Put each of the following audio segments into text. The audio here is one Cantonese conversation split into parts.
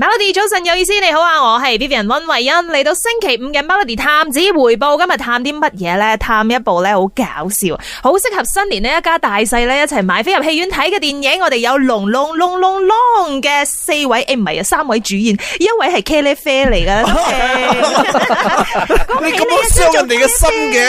Melody 早晨有意思，你好啊！我係 Vivian 溫慧欣，嚟到星期五嘅 Melody 探子回報，今日探啲乜嘢咧？探一部咧好搞笑，好適合新年呢一家大細咧一齊買飛入戲院睇嘅電影。我哋有 long long long long long 嘅四位，誒唔係啊，三位主演，一位係 Kelly Fair 嚟噶。 Okay. 恭喜你咁樣傷人哋嘅心嘅，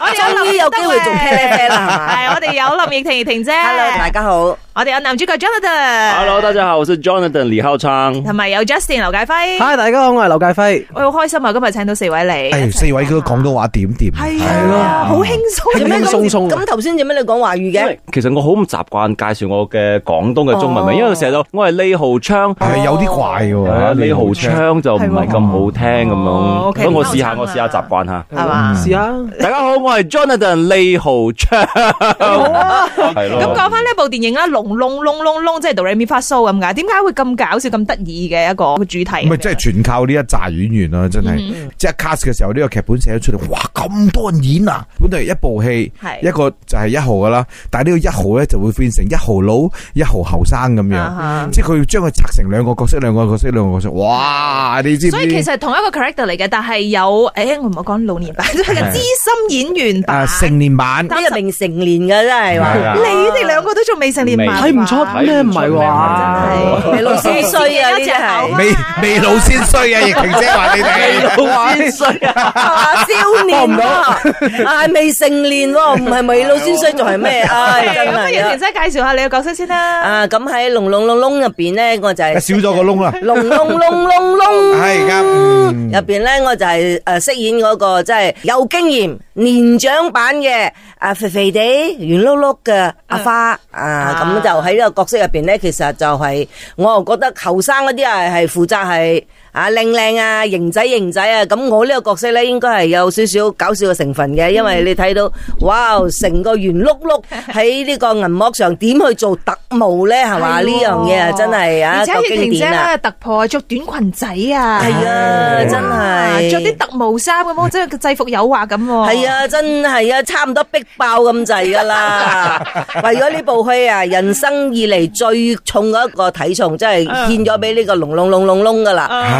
我哋終於有機會做 Kelly Fair 啦。係我哋有林奕廷廷姐。Hello，大家好。我哋有男主角 Jonathan。Hello，大家好，我是 Jonathan 李浩菖，同埋有 Juztin 劉界輝。Hi，大家好，我係劉界輝。我好開心啊！今日請到四位嚟，四位嘅廣東話點點係咯，好輕鬆，輕輕松鬆。咁頭先做咩你講華語嘅？其實我好唔習慣介紹我嘅廣東嘅中文名，因為成日都我係李浩菖，係有啲怪喎，李浩菖就唔係咁好聽咁樣。咁我試下，我試下習慣下。係嘛？試下！大家好，我係 Jonathan 李浩菖。咁講翻呢部電影啦，龍龍龍龍龍，即係 Do Re Mi Fa So 咁解？點解會咁搞笑、咁得意嘅一個主題？唔係，即係全靠呢一紮演員啊。真係、mm hmm. 即係 cast 嘅時候，呢、這個劇本寫咗出嚟，哇！咁多演啊，本嚟一部戲，是一個就係一號噶啦，但係呢個一號咧就會變成一號佬、一號後生咁樣，uh huh. 即係佢要將佢拆成兩個角色、兩個角色、兩個，個角色。哇！你知所以其實同一個 character 嚟嘅，但係有誒，我唔好講老年版，呢個資深演員 成年版三十成年嘅真係你哋兩個都仲未成年。 睇唔出咩唔係話未老先衰啊！呢只係未未老先衰啊！奕廷姐，你哋未老先衰啊！少年啊，係未成年喎，唔係未老先衰，仲係咩啊？咁啊，奕廷姐介紹下你嘅角色先啦。啊，咁喺龍龍龍龍入邊咧，我就係少咗個龍啦。龍龍龍龍龍，係啊！入邊咧，我就係誒飾演嗰個即係有經驗年長版嘅啊，肥肥哋圓碌碌嘅阿花啊，咁。就喺呢個角色入邊咧，其實就係我又覺得後生嗰啲係係負責係，啊靚靚啊型仔，型仔啊，咁我呢個角色咧應該係有少少搞笑嘅成分嘅，因為你睇到，哇，成個圓碌碌喺呢個銀幕上，點去做特務咧？係嘛呢樣嘢啊，真係啊，而且佢連隻突破着短裙仔啊，係啊，真係着啲特務衫咁，即係制服誘惑咁，係啊，真係啊，差唔多逼爆咁滯噶啦，為咗呢部戲啊，人生以嚟，最重嘅一個體重，真係獻咗俾呢個龍龍龍龍龍噶啦。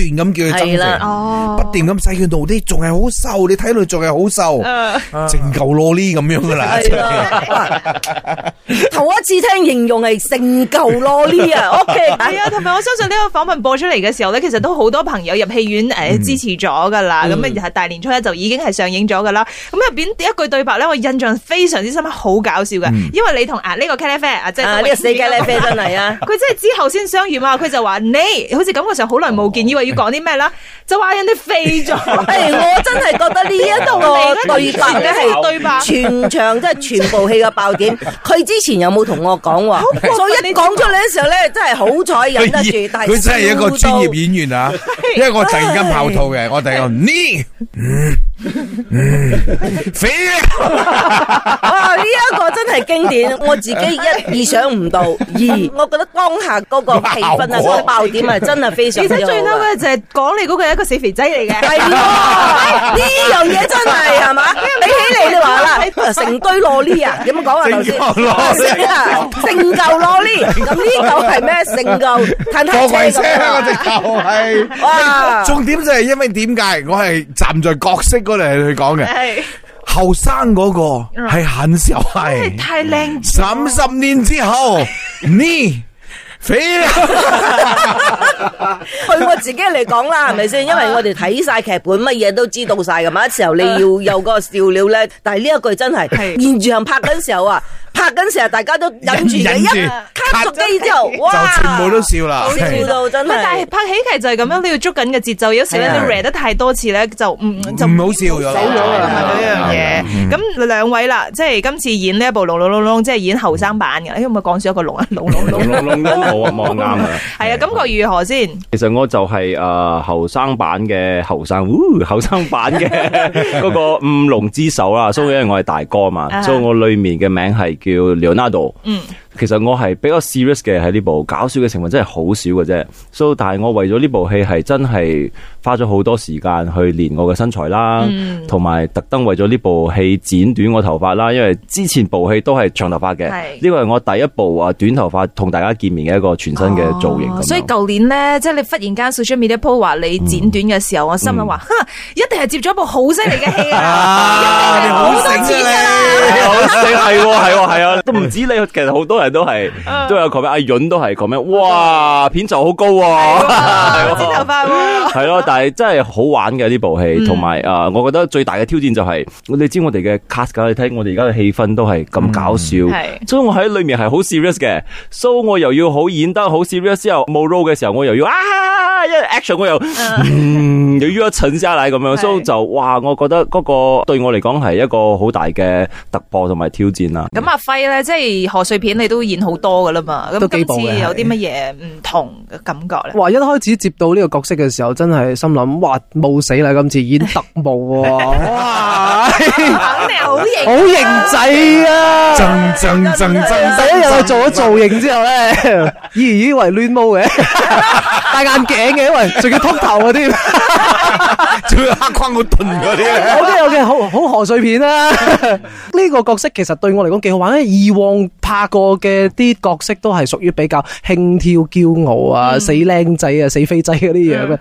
斷咁叫佢增肥，不斷咁使佢做啲，仲係好瘦，你睇落仲係好瘦，成嚿囉呢咁樣噶啦。頭一次聽形容係成嚿囉呢啊，OK，係啊。同埋我相信呢個訪問播出嚟嘅時候咧，其實都好多朋友入戲院誒支持咗噶啦。咁啊，又係大年初一就已經係上映咗噶啦。咁入邊第一句對白咧，我印象非常之深刻，好搞笑嘅。因為你同啊呢個茄哩啡啊，即係呢個死茄哩啡真係啊，佢真係之後先相遇嘛。佢就話你好似感覺上好耐冇見，呢位。」講啲咩啦？就話人哋飛咗，我真係覺得呢一度嘅對白咧係對白，全場即係全部戲嘅爆點。佢之前有冇同我講？所以一講出嚟嘅時候咧，真係好彩忍得住。但佢真係一個專業演員啊！因為我突然間爆肚嘅，我突然間呢飛啊！呢一個真係經典，我自己一意想唔到。二，我覺得當下嗰個氣氛啊，嗰個爆點啊，真係非常之。就係講你嗰個係一個死肥仔嚟嘅，係呢樣嘢真係係嘛？比起嚟你話啦，你成堆羅利啊，有冇講話頭先？成舊羅利，咁呢舊係咩？成舊坦克車啊，成舊係哇！重點就係因為點解我係站在角色嗰度去講嘅？後生嗰個係很少係，太靚。三十年之後呢？去我自己嚟講啦，係咪先？因為我哋睇晒劇本，乜嘢都知道晒咁嘛。時候你要有個笑料咧，但係呢一句真係現場拍緊時候啊，拍緊時候大家都忍住一卡住機之後，哇，全部都笑啦，好笑到真係。但係拍喜劇就係咁樣，你要捉緊嘅節奏。有時咧你 read 得太多次咧，就唔就唔好笑咗。咁啊，嗰樣嘢咁。兩位啦，即係今次演呢一部《龍龍龍龍》，即係演後生版嘅。咦，可唔可以講少一個龍？龍龍龍龍嘅好啊，冇咁啱，係啊，感覺如何先？ 其實我就係誒後生版嘅後生，後生版嘅嗰個五龍之首啦。 所以因為我係大哥嘛， 所以我裏面嘅名係叫 Leonardo。 嗯。其實我係比較 serious 嘅喺呢部，搞笑嘅成分真係好少嘅啫。s、so, 但係我為咗呢部戲係真係花咗好多時間去練我嘅身材啦，同埋、嗯、特登為咗呢部戲剪短我頭髮啦，因為之前部戲都係長頭髮嘅。呢個係我第一部啊短頭髮同大家見面嘅一個全新嘅造型、哦。所以舊年呢，即係你忽然間 social media 鋪話你剪短嘅時候，嗯、我心諗話、嗯，一定係接咗一部好犀利嘅戲啊，一定好醒啫。好醒係係係啊，都唔止你，其實好多。都係，都有咁樣。阿潤都係咁樣。哇，片就好高啊！啲頭髮係咯，但係真係好玩嘅呢部戲。同埋啊，我覺得最大嘅挑戰就係，你知我哋嘅 cast 噶，你睇我哋而家嘅氣氛都係咁搞笑。所以我喺裏面係好 serious 嘅，所以，我又要好演得好 serious，之後冇 role 嘅時候，我又要啊，一 action 我又又要沉下嚟，咁樣。所以就哇，我覺得嗰個對我嚟講係一個好大嘅突破同埋挑戰啦。咁阿輝咧，即係賀歲片你。都演好多噶啦嘛，都今次有啲乜嘢唔同嘅感覺咧？哇！一開始接到呢個角色嘅時候，真係心諗哇，冇死啦！今次演特務，哇，肯定好型，好型仔啊！陣陣陣陣，所以做咗造型之後咧，以為亂毛嘅。戴眼鏡嘅，因為，仲要禿頭嗰啲，仲要黑框個鈍嗰啲，我都有嘅，好好賀歲片啦。呢個角色其實對我嚟講幾好玩，因為以往拍過嘅啲角色都係屬於比較輕佻、驕傲啊、死靚仔啊、死飛仔嗰啲嘢。嗱、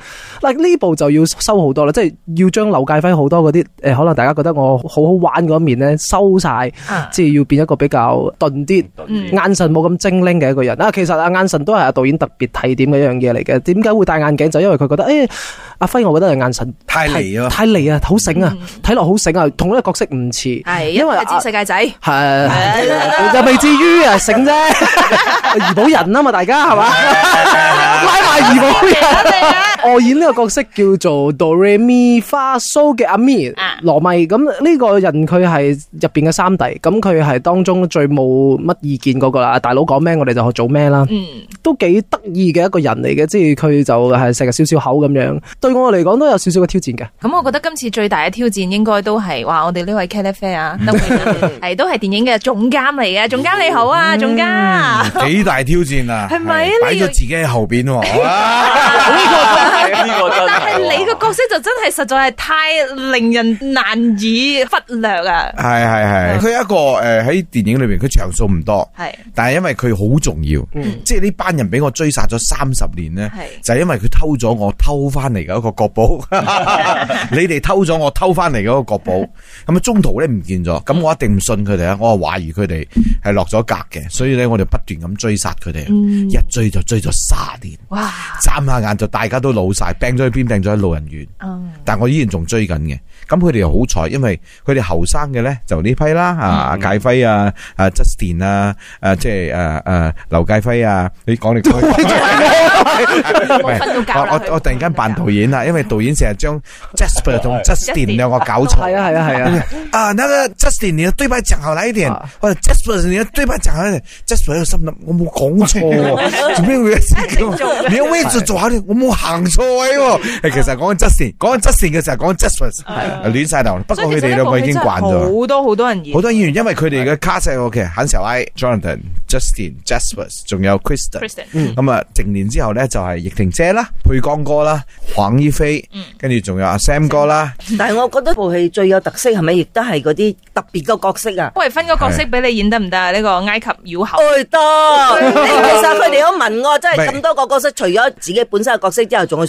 嗯，呢部就要收好多啦，即係要將劉界輝好多嗰啲誒，可能大家覺得我好好玩嗰面咧，收晒、啊，即係要變一個比較鈍啲，嗯、眼神冇咁精靈嘅一個人。啊，其實啊，眼神都係阿導演特別睇點嘅一樣嘢嚟嘅。點解會戴眼鏡？就是、因為佢覺得，誒、哎，阿輝，我覺得佢眼神太離啊，太離啊，好醒啊，睇落好醒啊，同一個角色唔似，係因為知、啊、世界仔，係就未至於啊醒啫，怡保 人啊嘛，大家係嘛， 拉埋怡保人嚟 啊！我演呢個角色叫做 Do Re Mi 花蘇嘅阿 Mi 羅米，咁呢個人佢係入邊嘅三弟，咁佢係當中最冇乜意見嗰個啦。大佬講咩，我哋就做咩啦。嗯，都幾得意嘅一個人嚟嘅，即係佢就係成日笑笑口咁樣。對我嚟講，都有少少嘅挑戰嘅。咁我覺得今次最大嘅挑戰，應該都係哇，我哋呢位茄哩啡啊，係都係電影嘅總監嚟嘅，總監你好啊，總監。幾大挑戰啊？係咪啊？擺咗自己喺後邊。但係你個角色就真係實在係太令人難以忽略啊！係係係，佢一個誒喺電影裏邊，佢場數唔多，係，但係因為佢好重要，即係呢班人俾我追殺咗三十年呢，就係因為佢偷咗我偷翻嚟嘅一個國寶，你哋偷咗我偷翻嚟嘅一個國寶，咁啊中途咧唔見咗，咁我一定唔信佢哋啊，我啊懷疑佢哋係落咗格嘅，所以咧我就不斷咁追殺佢哋，一追就追咗十年，哇！眨下眼就大家都老。病咗去邊？掟咗去老人院，但我依然仲追緊嘅。咁佢哋又好彩，因為佢哋後生嘅咧就呢批啦，阿界輝啊，啊 Justin 啊，誒，即係誒誒，劉界輝啊，你講你，我我突然間扮導演啦，因為導演成日將 Jasper 同 Justin 兩個搞錯，係啊係啊係啊。啊，個 Justin，你要對白講好嚟一點。Jasper 你要對白講好嚟。在所有心諗，我冇講錯，沒有位置，沒有位置坐好啲，我冇行錯位喎，誒其實講緊 Juztin，講緊 Juztin 嘅時候講緊 Juztin，係亂曬頭。不過佢哋兩個已經慣咗。好多好多人演，好多演員，因為佢哋嘅 cast 喎，其實肯小威、Jonathan、Juztin、Juztin 仲有 Kristen，咁啊成年之後咧就係葉婷姐啦、佩剛哥啦、黃依飛，跟住仲有阿 Sam 哥啦。但係我覺得部戲最有特色係咪亦都係嗰啲特別嘅角色啊？為分個角色俾你演得唔得啊？呢個埃及妖后。最多，其實佢哋都問我，真係咁多個角色，除咗自己本身嘅角色之後，仲去。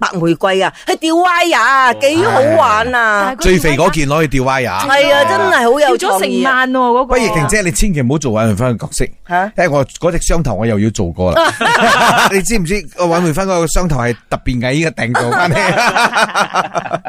白玫瑰啊，去吊歪呀，幾好玩啊！最肥嗰件攞去吊歪呀，係啊，真係好有。吊咗成萬哦，嗰個。不如奕廷姐，你千祈唔好做尹梅芬嘅角色，即係我嗰隻雙頭，我又要做過啦。你知唔知？我尹梅芬嗰個雙頭係特別矮嘅定做翻。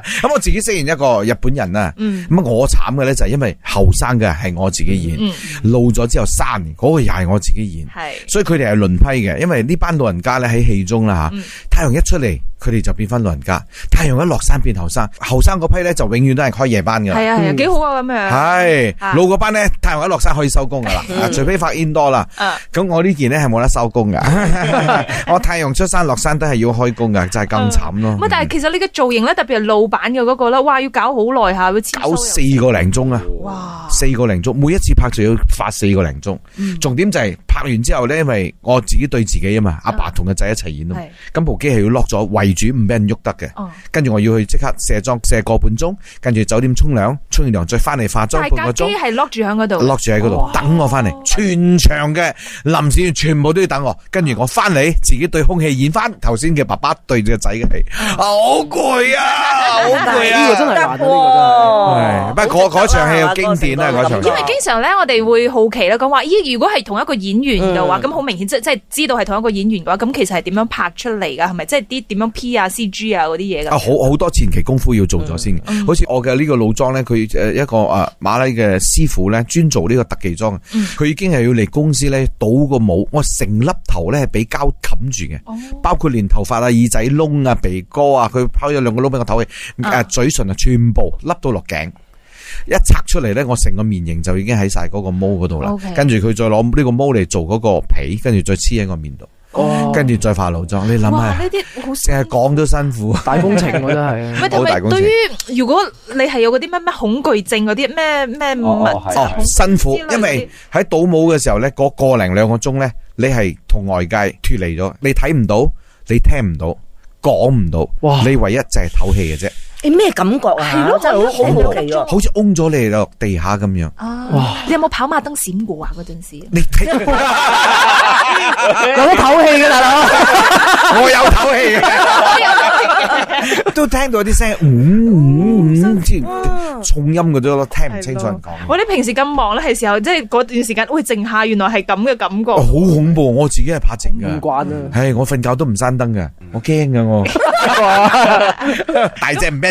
咁我自己飾演一個日本人啊，咁我慘嘅咧就因為後生嘅係我自己演，老咗之後生嗰個又係我自己演，所以佢哋係輪批嘅。因為呢班老人家咧喺戲中啦，吓太陽一出嚟。佢哋就變翻老人家，太陽一落山變後山，後生嗰批咧就永遠都係開夜班嘅。係啊係啊，幾好啊咁樣。係、啊、老嗰班咧，太陽一落山可以收工噶啦， 除非發 indoor 啦。咁我呢件呢係冇得收工嘅， 我太陽出山落山都係要開工嘅，就係、是、咁慘咯。嗯、但係其實呢個造型咧，特別係老版嘅嗰個咧，哇，要搞好耐下，要搞四個零鐘啊！哇，四個零鐘，每一次拍就要發四個零鐘。嗯、重點就係拍完之後呢，因為我自己對自己啊嘛，阿爸同個仔一齊演啊嘛，咁、嗯、部機係要落咗主唔俾人喐得嘅，跟住我要去即刻卸妝卸個半鐘，跟住酒店沖涼，沖完涼再翻嚟化妝半個鐘。但係架機係 lock 住喺嗰度，lock 住喺嗰度等我翻嚟，全場嘅臨時全部都要等我。跟住我翻嚟，自己對空氣演翻頭先嘅爸爸對住個仔嘅戲，好攰啊，好攰啊，呢個真係難得。不過嗰嗰場戲有經典啦，嗰場。因為經常咧，我哋會好奇咧，講話咦，如果係同一個演員嘅話，咁好明顯即係即係知道係同一個演員嘅話，咁其實係點樣拍出嚟噶？係咪即係啲點樣？P 啊，CG 啊，嗰啲嘢噶啊，好好多前期功夫要做咗先好似、嗯、我嘅呢個老妝咧，佢誒一個啊馬拉嘅師傅咧，專做呢個特技妝佢、嗯、已經係要嚟公司咧倒個模，我成粒頭咧係俾膠冚住嘅，哦、包括連頭髮啊、耳仔窿啊、鼻哥啊，佢拋咗兩個窿俾我唞嘅。誒，嘴唇啊，全部笠到落頸，一拆出嚟咧，我成個面型就已經喺晒嗰個模嗰度啦。嗯、okay 跟住佢再攞呢個模嚟做嗰個皮，跟住再黐喺個面度。哦，跟住再化濃妝，哇你諗下，呢啲好，淨係講都辛苦， 大工程我個係，唔係，就係、 對於如果你係有嗰啲乜乜恐懼症嗰啲，咩咩唔，物哦，辛苦，因為喺倒模嘅時候咧，嗰個兩個零兩個鐘咧，你係同外界脫離咗，你睇唔到，你聽唔到，講唔到，哇，你唯一就係唞氣嘅啫。你咩感覺啊？係咯，真係好好奇，好似安咗你落地下咁樣。哇！你有冇跑馬燈閃過啊？嗰陣時，你睇咁樣唞氣嘅大佬，我有唞氣嘅，都聽到啲聲，嗯，之前重音嘅啫咯，聽唔清楚。人講我哋平時咁忙咧，係時候即係嗰段時間，喂靜下，原來係咁嘅感覺。好恐怖，我自己係怕靜嘅。關啦。係我瞓覺都唔閂燈嘅，我驚嘅我。大隻唔咩？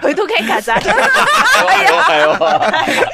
佢都 Kaker 啊，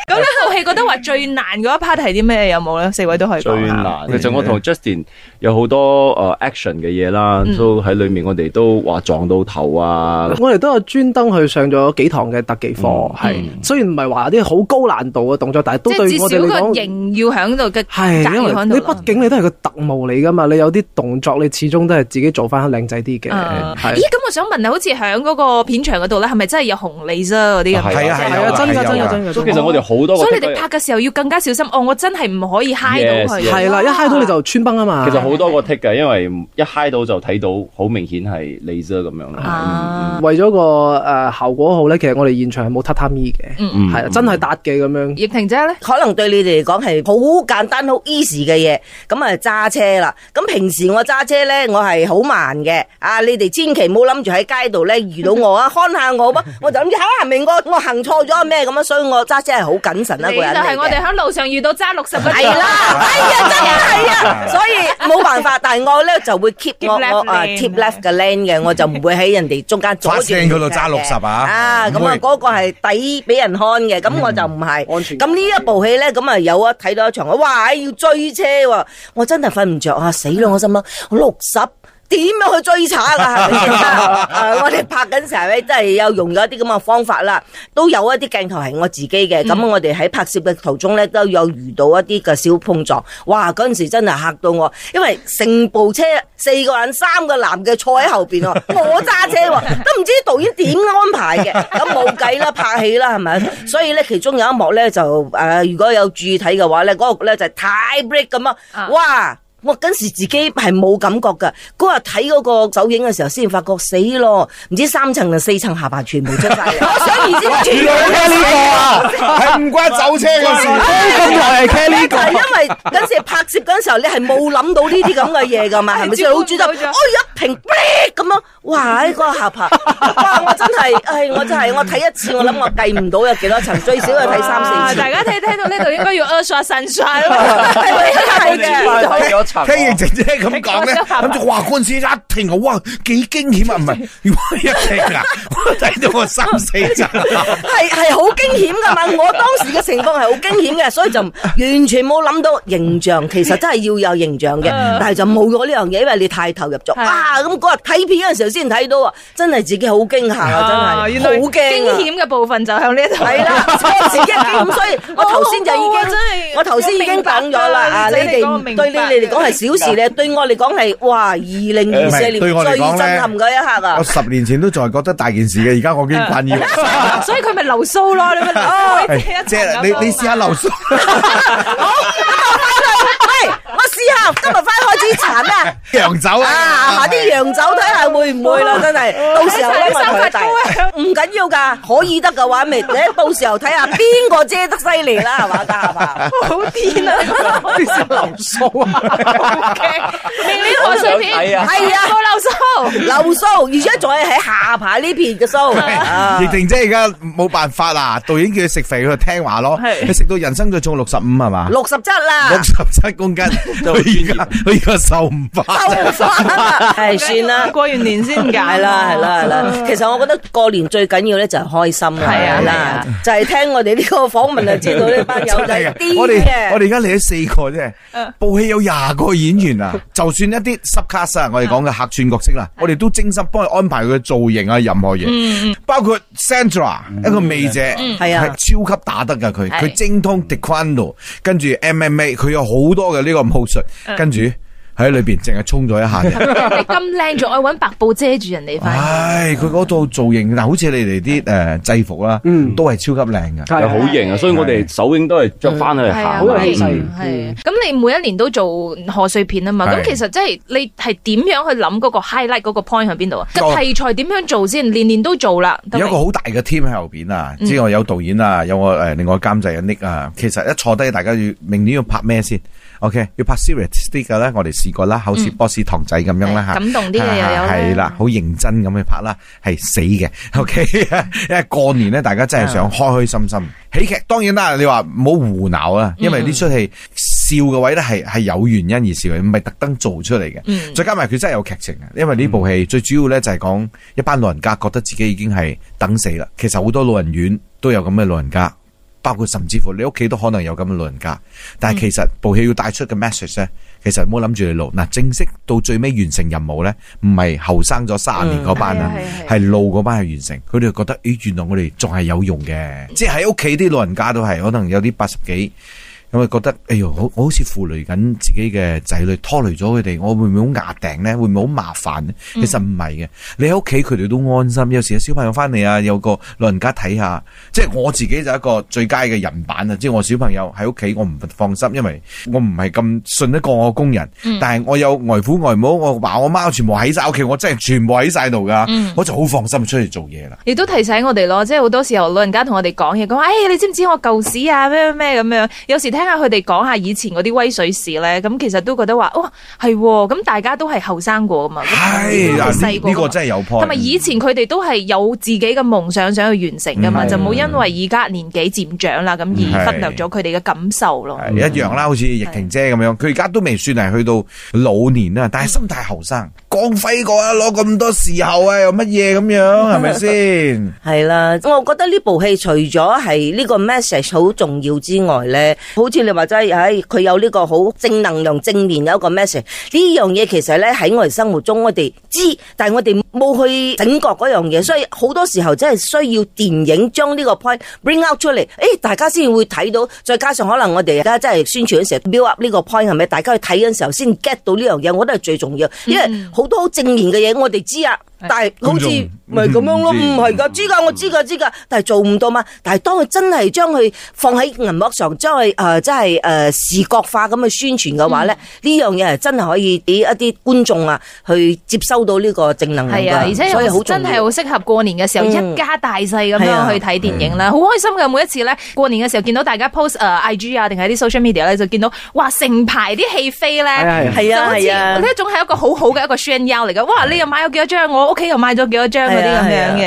咁呢套戲覺得話最難嗰一 part 係啲咩？有冇咧？四位都可以講。最難，啊、其實我同 Justin、嗯、有好多誒 action 嘅嘢啦，都喺裏面我哋都話撞到頭啊、嗯。我哋都有專登去上咗幾堂嘅特技課，係、嗯，雖然唔係話啲好高難度嘅動作，但係都對至少個仍要響度嘅，係、這個，你畢竟你都係個特務嚟噶嘛，你有啲動作你始終都係自己做翻，靚仔啲嘅。咦？咁我想問你好似響嗰個片場嗰度咧，係咪真係？有紅脷啫嗰啲咁，係啊係啊，真㗎真㗎真㗎。其實我哋好多，所以你哋拍嘅時候要更加小心。哦，我真係唔可以嗨到佢，係啦，一嗨到你就穿崩啊嘛。其實好多個 take 嘅，因為一嗨到就睇到好明顯係利啫咁樣。為咗個誒效果好咧，其實我哋現場係冇榻榻米嘅，係啊，真係搭嘅咁樣。奕廷姐咧，可能對你哋嚟講係好簡單好 easy 嘅嘢，咁啊揸車啦。咁平時我揸車咧，我係好慢嘅。啊，你哋千祈冇諗住喺街度咧遇到我啊，看下我我就諗住喺行明我我行錯咗咩咁啊，所以我揸車係好謹慎啊。你就係我哋喺路上遇到揸六十嘅。係啦，哎呀真係啊！所以冇辦法，但係我咧就會 keep 我我誒 keep left 嘅 lane 嘅，我就唔會喺人哋中間左轉嗰度揸六十啊。啊，咁啊，嗰個係抵俾人看嘅，咁我就唔係。安全。咁呢一部戲咧，咁啊有啊睇到一場，哇！要追車喎，我真係瞓唔着啊！死啦，我心啊，六十。點樣去追查噶？係咪、 啊、我哋拍緊成日咧，真係又用咗一啲咁嘅方法啦。都有一啲鏡頭係我自己嘅。咁、嗯、我哋喺拍攝嘅途中咧，都有遇到一啲嘅小碰撞。哇！嗰陣時真係吓到我，因為成部車四個人，三個男嘅坐喺後邊啊， 我揸車喎，都唔知導演點安排嘅。咁冇計啦，拍戲啦係咪？嗯、所以咧，其中有一幕咧就誒、呃，如果有注意睇嘅話咧，嗰、嗰個咧就係太 break 咁啊！哇！嗯我嗰時自己係冇感覺噶，嗰日睇嗰個走影嘅時候先發覺死咯，唔知三層定四層下巴全部出晒。所以而家全部都係聽呢、這個，係唔關走車嘅事。都係哇、啊、聽呢、這個，係因為嗰次拍攝嗰陣時候你，你係冇諗到呢啲咁嘅嘢噶嘛？係咪先？好專注，哎、啊、呀，咁、啊、樣，哇、啊！喺嗰個下巴，哇、啊啊啊 啊！我真係、哎，我真係，我睇一次，我諗我計唔到有幾多層，最少係睇三四次、啊。大家聽聽到呢度應該要二刷三刷。聽人姐姐咁講咧，咁就話官司一聽我哇幾驚險啊！唔係，如果一聽啊，睇到我三四集，係係好驚險噶嘛！我當時嘅情況係好驚險嘅，所以就完全冇諗到形象，其實真係要有形象嘅，但係就冇咗呢樣嘢，因為你太投入咗。哇！咁嗰日睇片嗰陣時候先睇到啊，真係自己好驚嚇啊！真係好驚啊！驚險嘅部分就向呢一睇啦，自己驚咁，所以我頭先就已經，我頭先已經講咗啦，你哋對你哋嚟講。都係小事咧，對我嚟講係哇，二零二四年最震撼嗰一刻啊我！我十年前都仲係覺得大件事嘅，而家我已經慣咗。所以佢咪流蘇咯？你咪哦， 即係 你 你試下流蘇。我試下今日翻開始查咩？洋酒啊！啊，買啲洋酒睇下會唔會咯，真係。到時候你收塊地，唔緊要噶，可以得嘅話咪，到時候睇下邊個遮得犀利啦，係嘛？得係嘛？好癲啊！食流蘇啊！明年賀歲片係啊，食流蘇，流蘇，而且仲係喺下排呢片嘅蘇。奕廷姐而家冇辦法啦，導演叫佢食肥佢就聽話咯，佢食到人生就重六十五係嘛？六十七啦，六十七公斤。我而家佢而家受唔翻，係算啦，過完年先解啦，係啦係啦。其實我覺得過年最緊要咧就係開心啦。係啊，嗱，就係聽我哋呢個訪問就知道呢班友仔癲嘅。我哋我哋而家嚟咗四個啫，部戲有廿個演員啊。就算一啲 subcast，我哋講嘅客串角色啦，我哋都精心幫佢安排佢嘅造型啊，任何嘢，包括 Sandra，一個美姐，係啊，係超級打得噶佢，佢精通 Taekwondo，跟住 MMA，佢有好多嘅呢個。跟住喺裏邊淨係沖咗一下，咁靚仲愛揾白布遮住人哋翻。唉，佢嗰套造型，嗱，好似你哋啲誒制服啦，都係超級靚噶，又好型啊！所以我哋首映都係着翻佢嚟考。係啊，係啊，咁你每一年都做賀歲片啊嘛？咁其實即係你係點樣去諗嗰個 highlight 嗰個 point 喺邊度啊？個題材點樣做先？年年都做啦，有一個好大嘅 team 喺後邊啊，之外有導演啊，有我誒，另外監製啊，Nick 啊，其實一坐低，大家要明年要拍咩先？OK，要拍 serious 啲嘅咧，我哋試過啦，好似博士堂仔咁樣啦吓，嗯啊、感動啲嘅有，係啦、啊，好、嗯、認真咁去拍啦，係死嘅。OK， 因為過年咧，大家真係想開開心心。的喜劇當然啦，你話唔好胡鬧啦，因為呢出戲笑嘅位咧係係有原因而笑嘅，唔係特登做出嚟嘅。嗯、再加埋佢真係有劇情嘅，因為呢部戲最主要咧就係講一班老人家覺得自己已經係等死啦，其實好多老人院都有咁嘅老人家。包括甚至乎你屋企都可能有咁嘅老人家，但係其實部戲要帶出嘅 message 咧，其實唔好諗住你老嗱，正式到最尾完成任務咧，唔係後生咗三十年嗰班啊，係老嗰班去完成，佢哋覺得誒、哎，原來我哋仲係有用嘅，即係喺屋企啲老人家都係，可能有啲八十幾。咁啊，覺得哎呦，我我好似負累緊自己嘅仔女，拖累咗佢哋，我會唔會好壓定咧？會唔會好麻煩咧？其實唔係嘅，你喺屋企，佢哋都安心。有時有小朋友翻嚟啊，有個老人家睇下，即係我自己就一個最佳嘅人板啊！即係我小朋友喺屋企，我唔放心，因為我唔係咁信得過我工人。嗯、但係我有外父外母，我爸我媽，我全部喺晒屋企，我真係全部喺晒度噶，我、嗯、我就好放心出去做嘢啦。亦都提醒我哋咯，即係好多時候老人家同我哋講嘢，講話哎呀，你知唔知我舊屎啊？咩咩咩咁樣，有時。聽下佢哋講下以前嗰啲威水士咧，咁其實都覺得話，哇、哦，係咁大家都係後生過噶嘛，係細個，呢個真係有 point。同埋以前佢哋都係有自己嘅夢想想去完成噶嘛，的就冇因為紀漸的而家年紀漸長啦，咁而忽略咗佢哋嘅感受咯。係一樣啦，好似奕廷姐咁樣，佢而家都未算係去到老年啦，但係心態後生。光輝過啊，攞咁多時候啊，又乜嘢咁樣，係咪先？係啦， 我覺得呢部戲除咗係呢個 message 好重要之外咧，好似你話齋，唉、哎，佢有呢個好正能量、正面嘅一個 message，呢樣嘢其實咧喺我哋生活中，我哋知，但係我哋冇去整覺嗰樣嘢，所以好多時候真係需要電影將呢個 point bring out 出嚟，誒、哎，大家先會睇到。再加上可能我哋而家真係宣傳嘅時候 build up 呢個 point，係咪？大家去睇嘅時候先 get 到呢樣嘢，我覺得係最重要，因為、嗯。好多好正面嘅嘢，我哋知啊。但係好似咪咁樣咯？唔係噶，知噶我知噶知噶。但係做唔到嘛。但係當佢真係將佢放喺銀幕上，將佢誒，即係誒視覺化咁去宣傳嘅話咧，呢樣嘢係真係可以俾一啲觀眾啊去接收到呢個正能量㗎。係啊，而且又真係好適合過年嘅時候一家大細咁樣去睇電影啦，好開心嘅。每一次咧過年嘅時候見到大家 post 誒 IG 啊，定係啲 social media 咧，就見到哇成排啲戲飛咧，係啊係啊，呢一種係一個好好嘅一個 share 嚟㗎。哇！你又買咗幾多張我？屋企又買咗幾多張嗰啲咁樣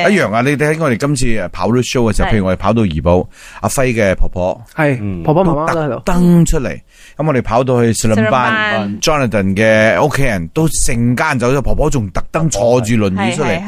嘅，一樣啊，啊！你哋睇我哋今次誒跑的 show 嘅時候，是的 譬如我哋跑到怡保，阿輝嘅婆婆係的、嗯、婆婆特登出嚟。嗯咁我哋跑到去士林班 Jonathan 嘅屋企人都成間走咗，婆婆仲特登坐住輪椅出嚟。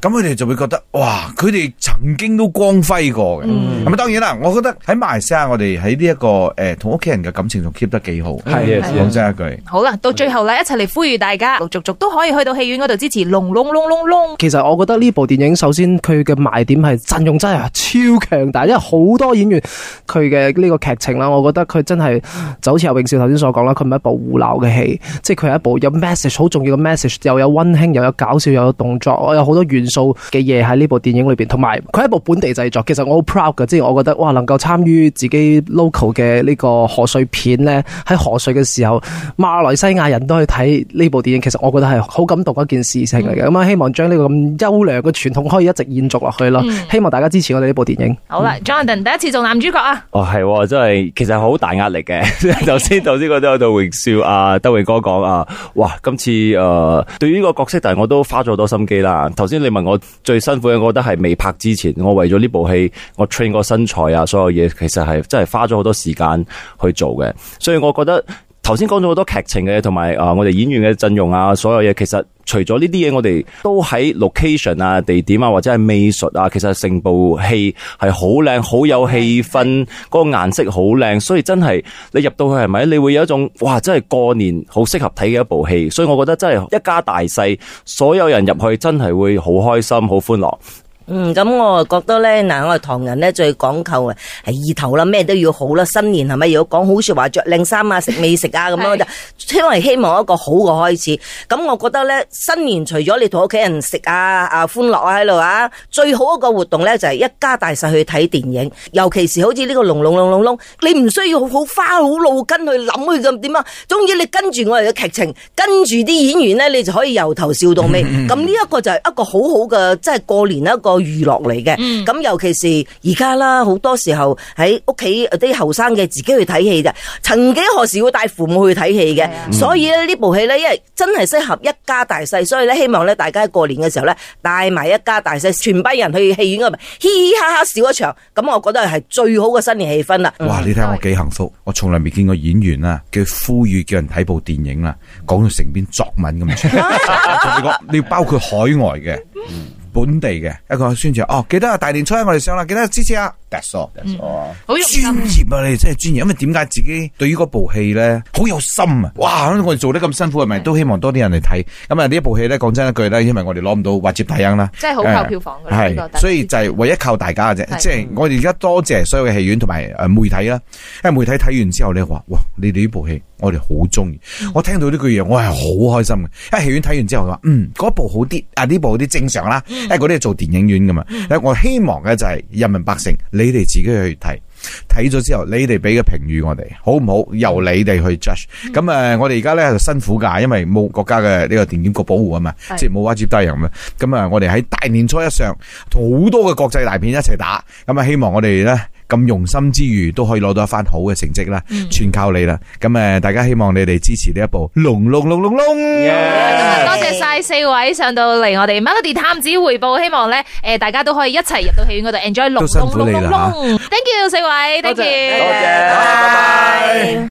咁佢哋就會覺得，哇！佢哋曾經都光輝過嘅。咁啊，當然啦，我覺得喺 Malaysia 我哋喺呢一個誒，同屋企人嘅感情仲 keep 得幾好。係啊，講真一句。是是是好啦，到最後咧，一齊嚟呼籲大家，續續續都可以去到戲院嗰度支持。龍龍龍龍龍。其實我覺得呢部電影，首先佢嘅賣點係陣容真係超強大，因為好多演員，佢嘅呢個劇情啦，我覺得佢真係就好似榮少頭先所講啦，佢唔係一部胡鬧嘅戲，即係佢係一部有 message 好重要嘅 message，又有溫馨，又有搞笑，又有動作，我有好多元素嘅嘢，喺呢部電影裏邊，同埋佢係一部本地製作，其實我好 proud 㗎。之前我覺得哇，能夠參與自己 local 嘅呢個賀歲片咧，喺賀歲嘅時候，馬來西亞人都去睇呢部電影，其實我覺得係好感動一件事情嚟嘅。咁啊，希望將呢個咁優良嘅傳統可以一直延續落去咯。嗯、希望大家支持我哋呢部電影。嗯、好啦，Jonathan、嗯、第一次做男主角啊？哦，係、哦，真係，其實好大壓力嘅。 頭先頭先我都喺度榮笑，啊，德榮哥講啊，哇！今次誒、呃，對於呢個角色，但係我都花咗好多心機啦。頭先你問我最辛苦嘅，我覺得係未拍之前，我為咗呢部戲，我 train 個身材啊，所有嘢其實係真係花咗好多時間去做嘅，所以我覺得。頭先講咗好多劇情嘅，同埋誒，我哋演員嘅陣容啊，所有嘢，其實除咗呢啲嘢，我哋都喺 location 啊、地點啊，或者係美術啊，其實成部戲係好靚、好有氣氛，個顏色好靚，所以真係你入到去係咪？你會有一種哇，真係過年好適合睇嘅一部戲，所以我覺得真係一家大細所有人入去真係會好開心、好歡樂。嗯，咁我就覺得咧，嗱，我哋唐人咧最講求嘅係意頭啦，咩都要好啦。新年係咪？如果講好說話，着靚衫啊，食美食啊，咁 樣就，因為希望一個好嘅開始。咁我覺得咧，新年除咗你同屋企人食啊，啊歡樂啊喺度啊，最好一個活動咧就係、是、一家大細去睇電影，尤其是好似呢個龍龍龍龍龍，你唔需要好花好腦筋去諗去咁點啊，總之你跟住我哋嘅劇情，跟住啲演員咧，你就可以由頭笑到尾。咁呢 一個就係一個好好嘅，即係過年一個。個娛樂嚟嘅，咁、嗯、尤其是而家啦，好多時候喺屋企啲後生嘅自己去睇戲嘅，曾幾何時會帶父母去睇戲嘅？嗯、所以咧呢部戲呢，因為真係適合一家大細，所以呢，希望呢大家過年嘅時候呢，帶埋一家大細，全班人去戲院嗰度，嘻嘻哈哈笑，笑，笑一場，咁我覺得係最好嘅新年氣氛啦。哇！你睇下我幾幸福，是我從來未見過演員啦，佢呼籲叫人睇部電影啦，講到成篇作文咁 你包括海外嘅。 本地嘅一個宣傳哦，記得啊！大年初一我哋上啦，記得支持啊！好專業啊！你真係專業，因為點解自己對於嗰部戲咧好有心啊！哇，我哋做得咁辛苦，係咪都希望多啲人嚟睇？咁啊，呢一部戲咧，講真一句咧，因為我哋攞唔到畫接大音啦，即係好靠票房㗎啦，所以就係唯一靠大家嘅啫。即係我哋而家多謝所有嘅戲院同埋誒媒體啦，因為媒體睇完之後咧話：哇，你哋呢部戲我哋好中意！我聽到呢句嘢，我係好開心嘅。喺戲院睇完之後話：嗯，嗰部好啲，啊呢部好啲，正常啦。因為，嗰啲係做電影院㗎嘛。我希望嘅就係人民百姓你哋自己去睇，睇咗之後，你哋俾個評語我哋好唔好？由你哋去 judge。咁誒、嗯，我哋而家咧就辛苦噶，因為冇國家嘅呢個電影局保護啊嘛，即係冇話接低咁樣。咁啊，我哋喺大年初一上，好多嘅國際大片一齊打，咁啊，希望我哋咧。咁用心之餘，都可以攞到一番好嘅成績啦，嗯、全靠你啦！咁誒，大家希望你哋支持呢一部《龍龍龍龍龍》yeah! 嗯。多謝晒四位上到嚟我哋 Melody 探子回報，希望咧誒，大家都可以一齊入到戲院嗰度 enjoy《龍龍龍龍龍》。Thank you 四位，多謝，拜拜。